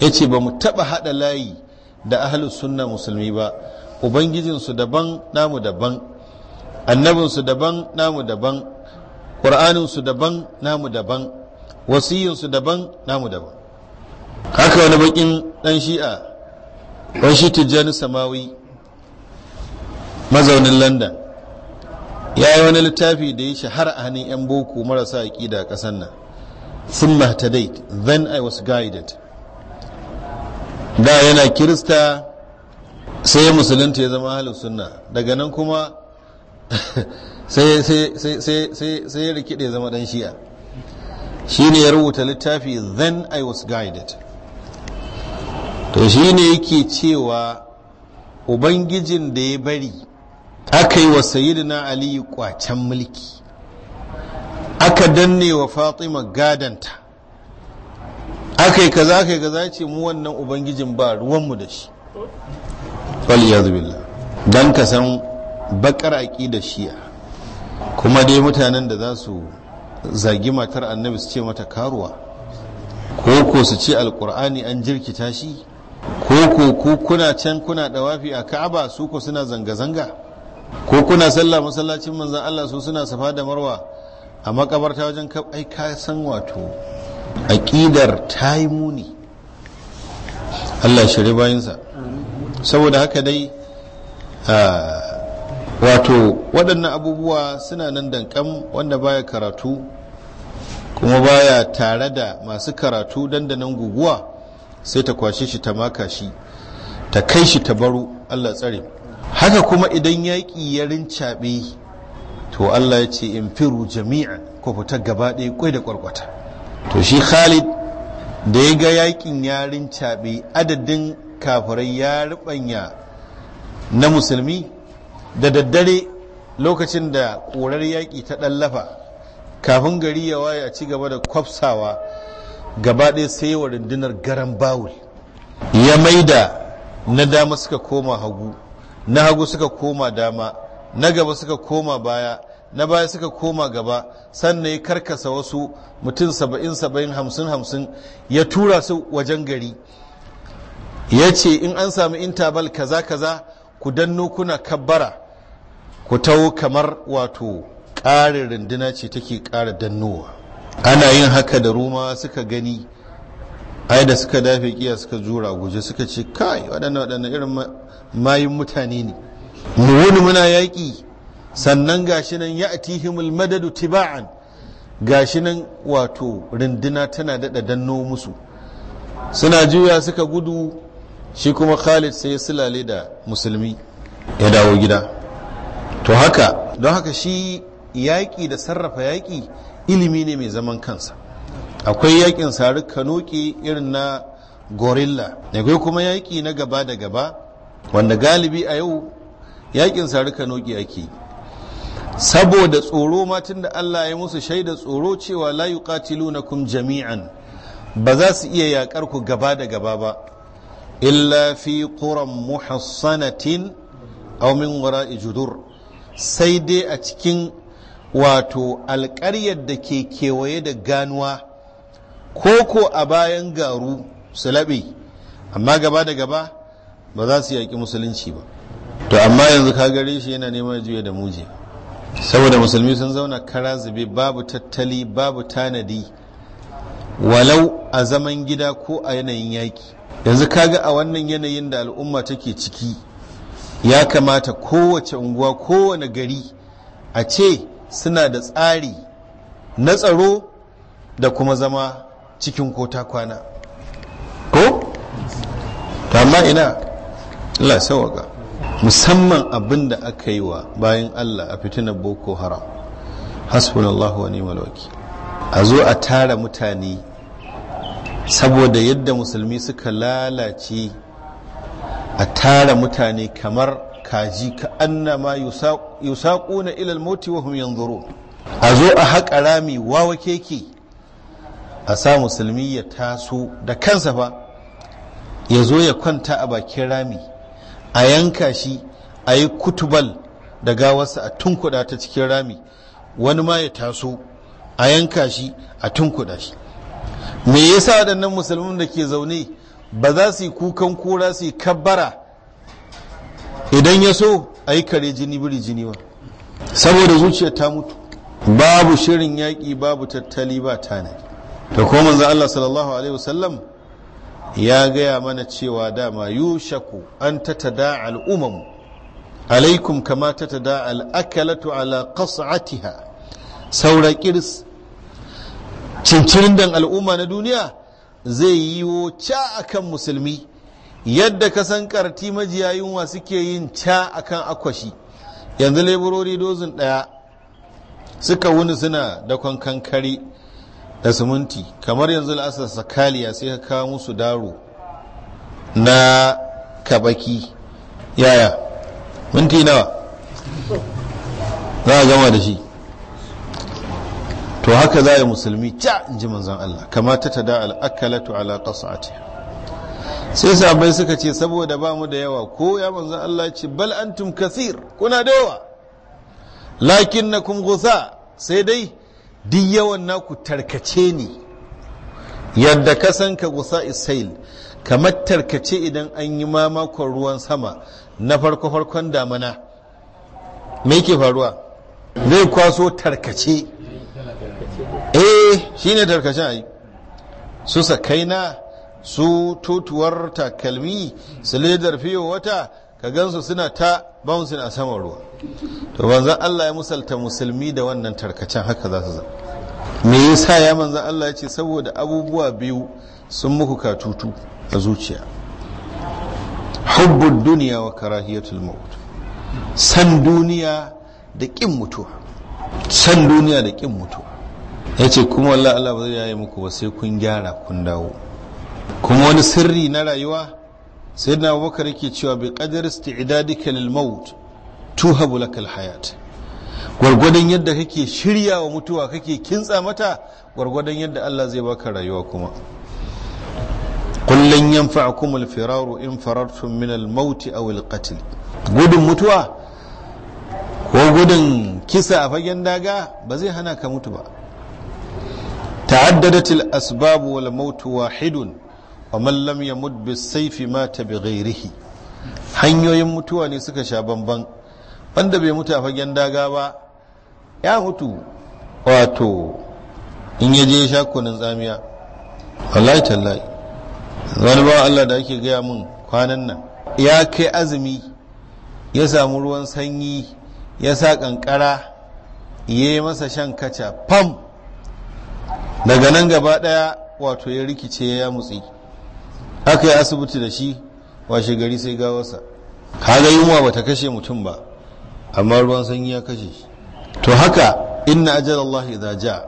yace ba mu taba hada layi da ahlus sunna musulmi ba ubangijinsu daban namu daban annabinsu daban namu daban ƙur'aninsu daban namu daban wasiyinsu daban namu daban haka wani bakin ɗan shi'a wani shi tijjani samawi mazaunin london ya yi wani littafi da ya shahara a hannun 'yan boko marasa aƙida a ƙasar nan sun mahtadait then i was guided da yana kirista sai musulunta ya zama halin sunna daga nan kuma (laughs) sai ya rikide zama dan shi'a shine ya rubuta littafi then i was guided to shine yake cewa ubangijin da ya bari aka yi wa na ali kwacen mulki aka danne wa fatima gadanta aka yi kaza aka yi kaza ce mu wannan ubangijin ba ruwanmu da shi waliyar billah don ka san bakar aƙidar shiya, kuma dai mutanen da za su zagi matar annabi su ce mata karuwa ko ko su ce alkur'ani an jirkita shi ko ko ku kuna can kuna da wafi a ka'aba su ko suna zanga-zanga ko kuna sallah masallacin manzan allah su suna safa da marwa a makabarta wajen ai ka san wato aƙidar ta yi muni allah shirya bayansa saboda haka dai wato waɗannan abubuwa suna nan dankan wanda baya karatu kuma baya tare da masu karatu dandanan guguwa sai ta kwashe shi ta maka shi ta kai shi ta baro allah tsare haka kuma idan yaƙi ya rincaɓe to allah ya ce in firu jami'a ko fita gaba ɗaya kwai da kwarkwata to shi khalid da ya ga yaƙin ya rincaɓe adadin kafirai ya ribanya na musulmi da daddare lokacin da ƙorar yaƙi ta ɗallafa kafin gari ya waye a ci gaba da kwafsawa gaba ɗaya sai wa rundunar garan bawul ya maida na dama suka koma hagu na hagu suka koma dama na gaba suka koma baya na baya suka koma gaba sannan ya karkasa wasu mutum saba'in saba'in hamsin hamsin ya tura su wajen gari ya ce in an samu intabal kaza kaza ku danno kuna kabbara ku tawo kamar wato ƙarin rindina ce take ƙara dannowa ana yin haka da ruma suka gani ai da suka dafe kiya suka jura guje suka ce kai waɗannan waɗannan irin mayun mutane ne mu wuni muna yaƙi sannan gashi nan ya atihimul madadu tiba'an gashi nan wato rindina tana daɗa danno musu suna juya suka gudu shi kuma khalid sai ya silale da musulmi ya dawo gida to haka don haka shi yaƙi da sarrafa yaƙi ilimi ne mai zaman kansa akwai yaƙin sari kanoki irin na gorilla akwai kuma yaƙi na gaba da gaba wanda galibi a yau yaƙin sari kanoki ake saboda tsoro matan da allah ya musu shaida tsoro cewa na kun jami'an ba za su iya yaƙar ku gaba da gaba ba illa fi quran muhassanatin aw min wara'i sai dai a cikin wato alƙaryar da ke kewaye da ganuwa ko ko a bayan garu su laɓe amma gaba da gaba ba za su yaƙi musulunci ba to amma yanzu ka gare shi yana neman juya da muje saboda musulmi sun zauna kara zube babu tattali babu tanadi walau a zaman gida ko a yanayin yaƙi yanzu kaga a wannan yanayin da al'umma take ciki ya kamata kowace unguwa kowane gari a ce suna da tsari na tsaro da kuma zama cikin kota kwana ko? amma ina Allah sauwaka musamman abin da aka yi wa bayan Allah a fitinar boko haram hasbunallahu wa ni'mal wakil a zo a tara mutane saboda yadda musulmi suka lalace a tara mutane kamar kaji ka annama yusaquna ilal moti wa hum yanzurun a zo a haƙa rami wawa keke a sa musulmi ya taso da kansa ba ya zo ya kwanta a bakin rami a yanka shi a yi kutubal da gawarsa a tunkuda ta cikin rami wani ma ya taso a yanka shi a tunkuda shi me yasa waɗannan musulmin da ke zaune ba za su yi kukan kura su yi kabbara idan ya so a yi kare jini biri jini ba saboda zuciya ta mutu babu shirin yaƙi babu tattali ba tanadi ta kuma za Allah sallallahu alaihi wasallam ya gaya mana cewa dama yushaku an tatada al'umamu alaikum kama tatada al'akalatu ala qas'atiha saurakir cincirin dan al'umma na duniya zai yi ca akan musulmi yadda ka san karti majiya yunwa suke yin ca akan akwashi yanzu leburori dozin daya suka wuni suna da kankare da siminti kamar yanzu la'asar sakaliya sai ka kawo musu daro na kabaki yaya minti nawa za a gama da shi to haka za yi musulmi ca in ji manzan Allah kama ta da al'akalatu ala qas'ati sai sabai suka ce saboda ba mu da yawa ko ya manzan Allah ce bal an antum kasir kuna da yawa lakin na kun gusa sai dai duk yawan naku tarkace ne yadda ka san ka gusa isail kamar tarkace idan an yi mamakon ruwan sama na farko-farkon damana me ke faruwa zai kwaso tarkace Shi eh, shine tarkacen ayi. su sakaina su totuwar takalmi su ledar fiye wata ka gansu suna ta bouncing a saman ruwa to banzan Allah ya musalta musulmi da wannan tarkacin haka za su zama me yasa ya manzan Allah ya ce saboda abubuwa biyu sun muku katutu a zuciya hubbud duniya wa karahiyatul maut san duniya da kin san duniya da kin mutuwa ya ce kuma wallah Allah ba zai yaye muku ba sai kun gyara kun dawo kuma wani sirri na rayuwa sai na Bakar yake cewa bi qadar isti'dadika lil maut tuhabu bulakal hayat gwargwadon yadda kake shirya wa mutuwa kake kintsa mata gwargwadon yadda Allah zai baka rayuwa kuma yan yanfa'ukum al firar in farartum min al-maut aw al-qatl gudun mutuwa ko gudun kisa a fagen daga ba zai hana ka mutu ba تعددت الأسباب والموت واحد ومن لم يمت بالسيف مات بغيره hanyoyin mutuwa ne suka sha bamban wanda bai mutu a fagen daga ba ya mutu wato in ya je sha kunin tsamiya wallahi tallahi wani ba Allah da ake gaya min kwanan nan ya kai azumi ya samu ruwan sanyi ya sa kankara ya yi masa shan kaca fam daga nan gaba daya wato ya rikice ya mutsi aka yi asibiti da shi washe gari sai gawarsa kaga yunwa bata kashe mutum ba amma ruwan sanyi ya kashe shi to haka inna ajal Allah idza ja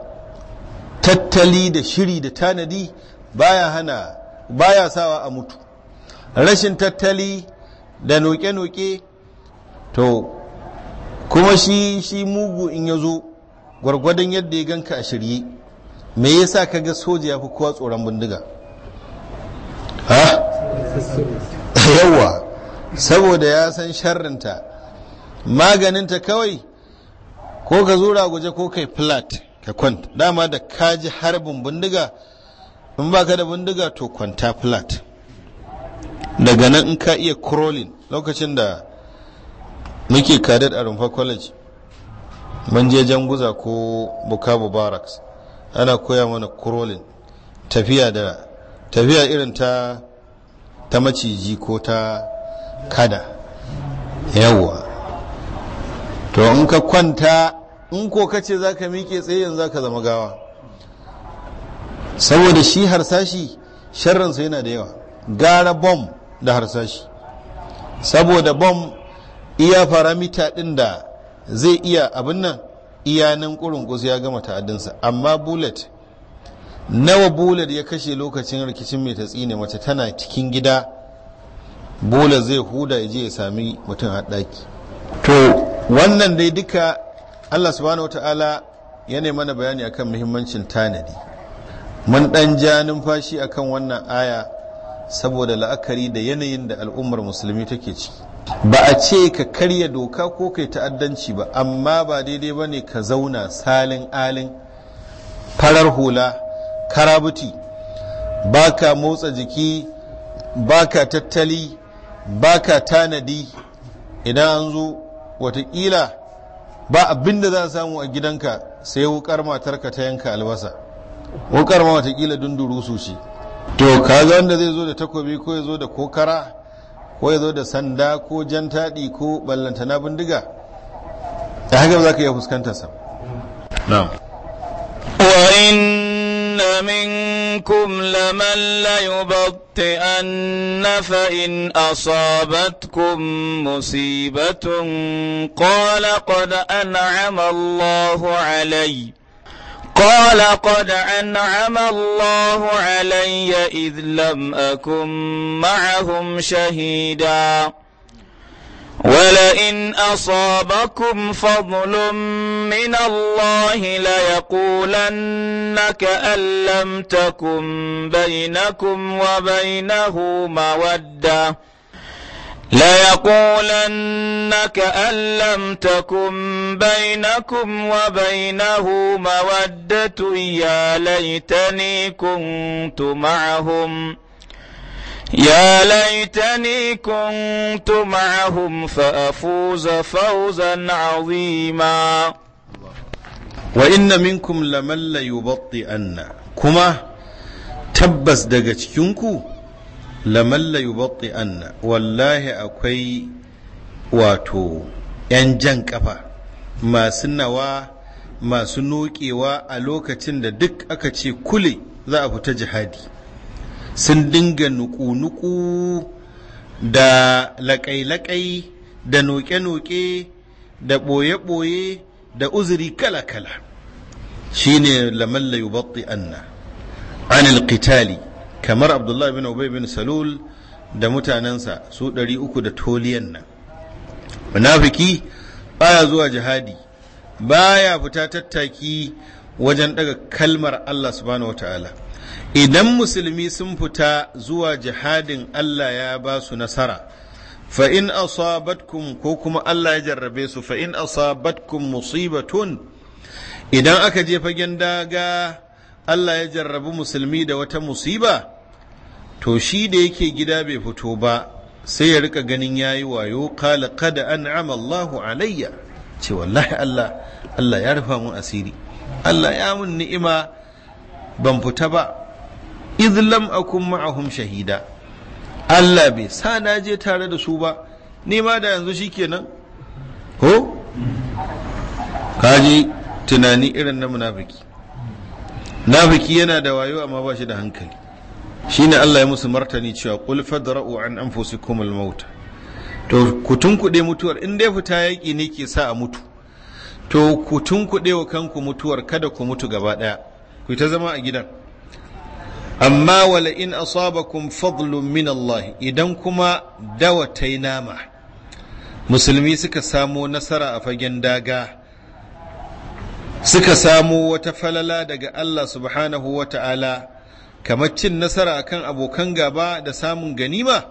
tattali da shiri da tanadi baya hana baya sawa a mutu rashin tattali da noke-noke to kuma shi shi mugu in ya zo gwargwadon yadda ya ganka a shirye me yasa ga soja ya fi kowa tsoron bindiga ha yawa saboda ya san sharrinta maganinta kawai ko ka zura guje ko kai flat ka kwanta dama da kaji harbin bindiga in baka da bindiga to kwanta flat daga nan in ka iya crawling lokacin da muke kadid a rumfa college mun janguza ko bukabu barracks ana koya mana crawling tafiya da tafiya irin ta ta maciji ko ta kada yawwa to in ka kwanta in ko ka ce za ka miƙe tsayin za ka zama gawa saboda shi harsashi sharransa yana da yawa gara bom da harsashi saboda bom iya faramita ɗin da zai iya abin nan iyanin kurungus ya gama ta'addinsa amma bullet nawa bullet ya kashe lokacin rikicin mai tatsi ne mace tana cikin gida bullet zai huda ya je ya sami mutum a ɗaki to wannan dai duka allah subhanahu wa ta'ala ya mana bayani akan muhimmancin tanadi mun ɗan ja numfashi akan wannan aya saboda la'akari da yanayin da al'ummar musulmi take ciki ba a ce ka karya doka ko kai ta'addanci ba amma ba daidai ba ne ka zauna salin alin farar hula karabuti ba ka motsa jiki ba ka tattali ba ka tanadi idan an zo watakila ba abin da za a samu a gidanka sai wukar matarka ta yanka albasa wukar ma watakila dunduru su ce to kaga wanda zai zo da takobi ko ya zo da kokara ko ya zo da sanda ko jan taɗi ko ballantana bindiga da haka za ka iya fuskantarsa وإن منكم لمن ليبطئن فإن أصابتكم مصيبة قال قد أنعم الله عليّ قال قد أنعم الله علي إذ لم أكن معهم شهيدا ولئن أصابكم فضل من الله ليقولن كأن لم تكن بينكم وبينه موده ليقولن كأن لم تكن بينكم وبينه مودة يا ليتني كنت معهم يا ليتني كنت معهم فأفوز فوزا عظيما وإن منكم لمن ليبطئن كما تبس ينكو laman la yubatti anna wallahi akwai wato yan jan kafa masu nawa masu nokewa a lokacin da duk aka ce kule za a fita jihadi sun dinga nuku-nuku da laƙai-laƙai da noke-noke da ɓoye-ɓoye da uzuri kala-kala shine ne la yubatti anna anil qitali kamar abdullahi bin ubay bin salul da mutanensa su ɗari uku da toliyan nan munafiki baya zuwa jihadi baya fita tattaki wajen daga kalmar Allah subhanahu wataala idan musulmi sun fita zuwa jihadin Allah ya ba su nasara fa in asabatkum ko kuma Allah ya jarrabe su fa in asabatkum musibatun idan aka je fagen daga Allah ya jarrabu musulmi da wata musiba to shi da yake gida bai fito ba sai ya rika ganin ya yi wayo qala kada an Amallahu alayya ce wallahi Allah Allah ya rufa mun asiri Allah ya mun ni'ima ban fita ba Izlam lam akun ma'ahum shahida Allah bai sa na je tare da su ba ni ma da yanzu shikenan ko kaji tunani irin na munafiki munafiki yana da wayo amma ba shi da hankali shine Allah ya musu martani cewa qul fadra'u an anfusikum al-maut to ku tunkuɗe mutuwar in dai fita yaƙi ne ke sa a mutu to ku tunkuɗe wa kanku mutuwar kada ku mutu gaba ɗaya ku ta zama a gidan amma wala in asabakum fadlun min Allah idan kuma dawa tai nama musulmi suka samo nasara a fagen daga suka samo wata falala daga Allah subhanahu wa ta'ala kamar cin nasara a kan abokan gaba da samun ganima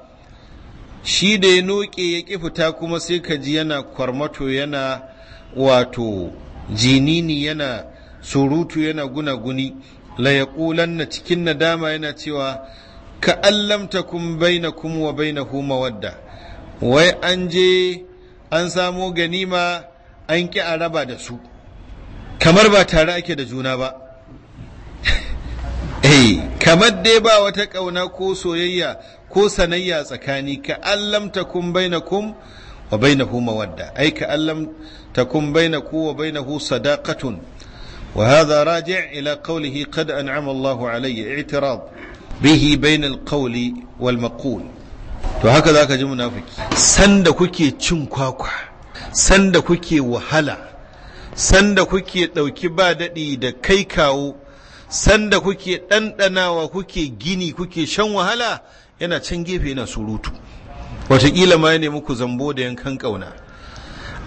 shi da ya noke ya ƙi fita kuma sai ka ji yana kwarmato yana wato jinini yana surutu yana gunaguni la na cikin nadama yana cewa ka allamta kun kuma wa huma wadda,' wai an je an samo ganima an ƙi a raba da su kamar ba tare ake da juna ba (laughs) hey. kamar dai ba wata ƙauna ko soyayya ko sanayya tsakani ka kun takun kun wa bainahu mawadda ai ka kun takun ku wa bainahu sadaqatun wa hadha raji' ila qawlihi qad an'ama Allahu alayya i'tirad bihi bain al-qawli wal maqul to haka zaka ji munafiki sanda kuke cin kwakwa sanda kuke wahala sanda kuke dauki ba dadi da kai kawo sanda kuke ɗanɗanawa kuke gini kuke shan wahala yana can gefe yana surutu Watakila ma ya nemi ku zambo da yankan ƙauna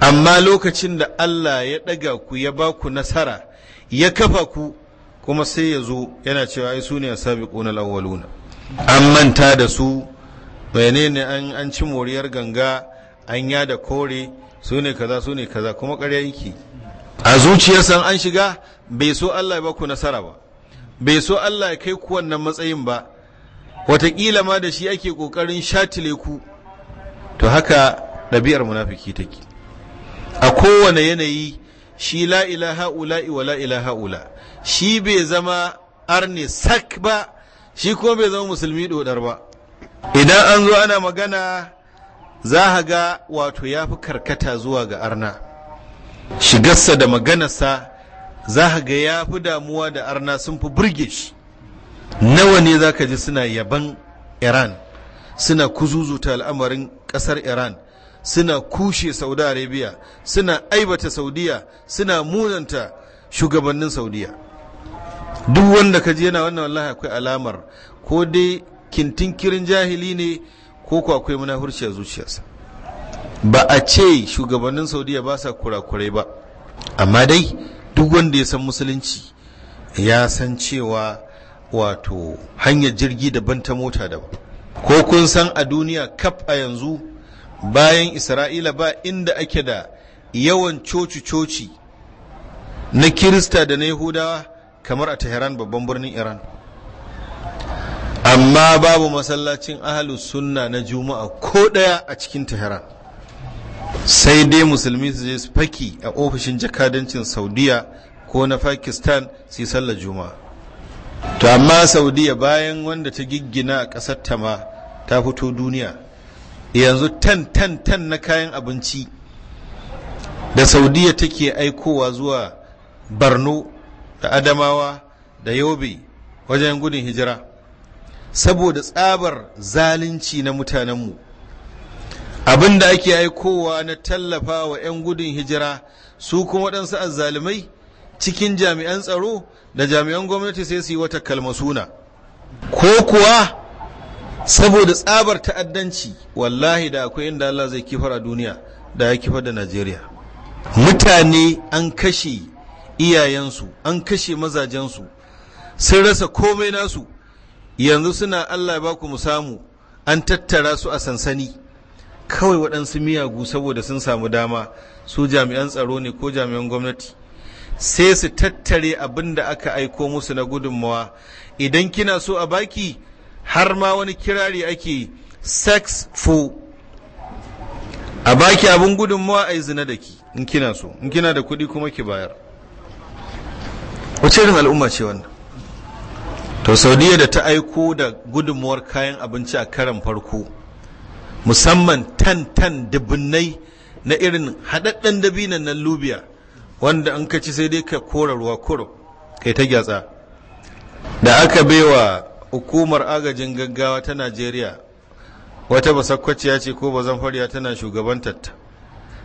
amma lokacin da Allah ya ɗaga ku ya ba ku nasara ya kafa ku kuma sai ya zo yana cewa ai su ne a sabi an manta da su menene an ci moriyar ganga an da kore su ne kaza su ne kaza kuma ƙarya yake a zuciyarsa an shiga bai so Allah ya ba ku nasara ba bai so Allah ya kai ku wannan matsayin ba wataƙila ma da shi ake ƙoƙarin shatile ku to haka ɗabi'ar munafiki take a kowane yanayi shi la ilaha ula'i wa la ilaha ula shi bai zama arne sak ba shi kuma bai zama musulmi dodar ba idan an zo ana magana za a ga wato ya fi karkata zuwa ga arna shigarsa da maganarsa za ka ga ya fi damuwa da arna sun fi burge shi nawa ne za ka ji suna yaban iran suna kuzuzu ta al'amarin kasar iran suna kushe saudi arabia suna aibata saudiya suna munanta shugabannin saudiya duk wanda ka ji yana wannan wallahi akwai alamar ko dai kintinkirin jahili ne ko ko akwai munafurci zuciyarsa ba a ce shugabannin saudiya ba sa kurakurai ba amma dai duk wanda ya san musulunci ya san cewa wato hanyar jirgi daban ta mota daban ko kun san a duniya kaf a yanzu bayan isra'ila ba inda ake da yawan coci-coci na kirista da na yahudawa kamar a tehran babban birnin iran amma babu masallacin ahalus sunna na juma'a ko ɗaya a cikin tehran sai dai musulmi su je su faki a ofishin jakadancin saudiya ko na pakistan su yi sallar juma'a to amma saudiya bayan wanda ta giggina a ƙasar ta ma ta fito duniya yanzu tan tan tan na kayan abinci da saudiya take aikowa zuwa barno da adamawa da yobe wajen gudun hijira saboda tsabar zalunci na mutanenmu abin da ake aikowa na tallafa wa 'yan gudun hijira su kuma waɗansu azzalumai cikin jami'an tsaro da jami'an gwamnati sai su yi wata kalma suna ko kuwa saboda tsabar ta'addanci wallahi da akwai inda Allah zai kifar a duniya da ya kifar da Najeriya mutane an kashe iyayensu an kashe mazajensu sun rasa komai nasu yanzu suna Allah ba baku mu samu an tattara su a sansani kawai waɗansu miyagu saboda sun samu dama su jami'an tsaro ne ko jami'an gwamnati sai su tattare abin da aka aiko musu na gudunmawa idan kina so a baki har ma wani kirari ake sex fo a baki abin gudunmawa a yi zina da ki in kina so in kina da kuɗi kuma ki bayar wace irin al'umma ce wannan to saudiya da ta aiko da gudunmuwar kayan abinci a karan farko musamman tan-tan dubunnai na irin haɗaɗɗen dabinan nan lubiya wanda an kaci sai dai ka kora ruwa kuro kai ta gyatsa da aka baiwa hukumar agajin gaggawa ta najeriya wata basakwaciya ce ko bazan fariya tana ta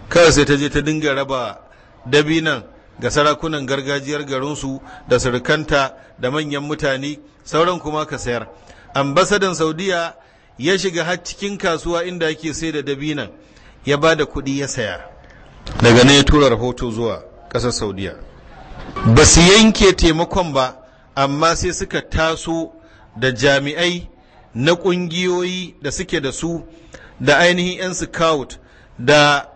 kawai sai ta je ta dinga raba dabinan ga sarakunan gargajiyar garinsu da surukanta da manyan mutane sauran kuma ka sayar ambasadan saudiya ya shiga har cikin kasuwa inda yake sai da dabinan ya ba da kuɗi ya saya daga nan ya tura rahoto zuwa ƙasar saudiya ba su yanke taimakon ba amma sai suka taso da jami'ai na ƙungiyoyi da suke da su da ainihin 'yan scout da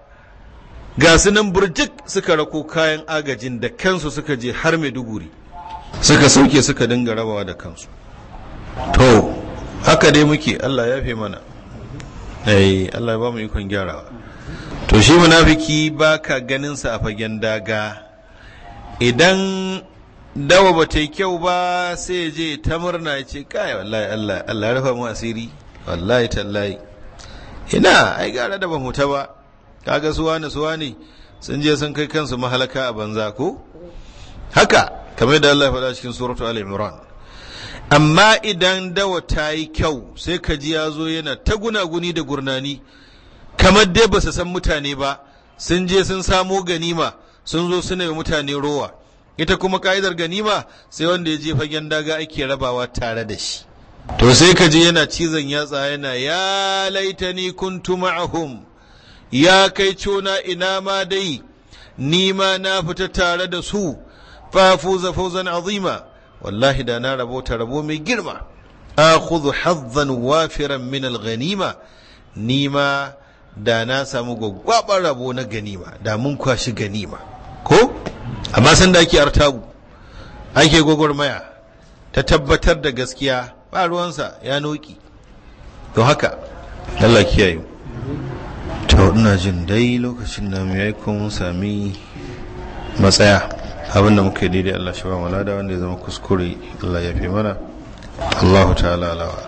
gasu nan burjik suka rako kayan agajin da kansu suka je har maiduguri suka sauke suka dinga rabawa da kansu to haka dai muke Allah ya fi mana ai eh, Allah ya ba mu ikon gyarawa to shi munafiki ba ka ganinsa a fagen daga idan dawa ba ta yi kyau ba sai je ta murna ya ce kai wallahi Allah Allah rufa mu asiri wallahi tallahi ina ai gara da ban huta ba kaga suwa ne suwa ne sun je sun kai kansu mahalaka a banza ko haka kamar da Allah ya faɗa cikin suratu al-imran amma idan dawa ta yi kyau sai ka ji ya zo yana ta gunaguni da gurnani kamar dai ba su san mutane ba sun je sun samo ganima sun zo suna yi mutane rowa ita kuma ka'idar ganima sai wanda ya je fagen daga ake rabawa tare da shi to sai ka ji yana cizon yatsa yana ya laitani kuntu ma'ahum ya kai cona ina ma dai ni ma na fita tare da su fa fuza fawzan azima wallahi da na rabo ta rabo mai girma kudu hazzan wafiran min ganima nima da na samu gwagwabar rabo na ganima da mun kwashi ganima ko amma san da ake artagu ake gwagwarmaya ta tabbatar da gaskiya ba ruwansa ya noki to haka Allah kiyaye to ina jin dai lokacin da mu yi kun sami matsaya abin da muka yi daidai Allah shi ba mu lada wanda ya zama kuskure Allah ya fi mana Allahu ta'ala alawa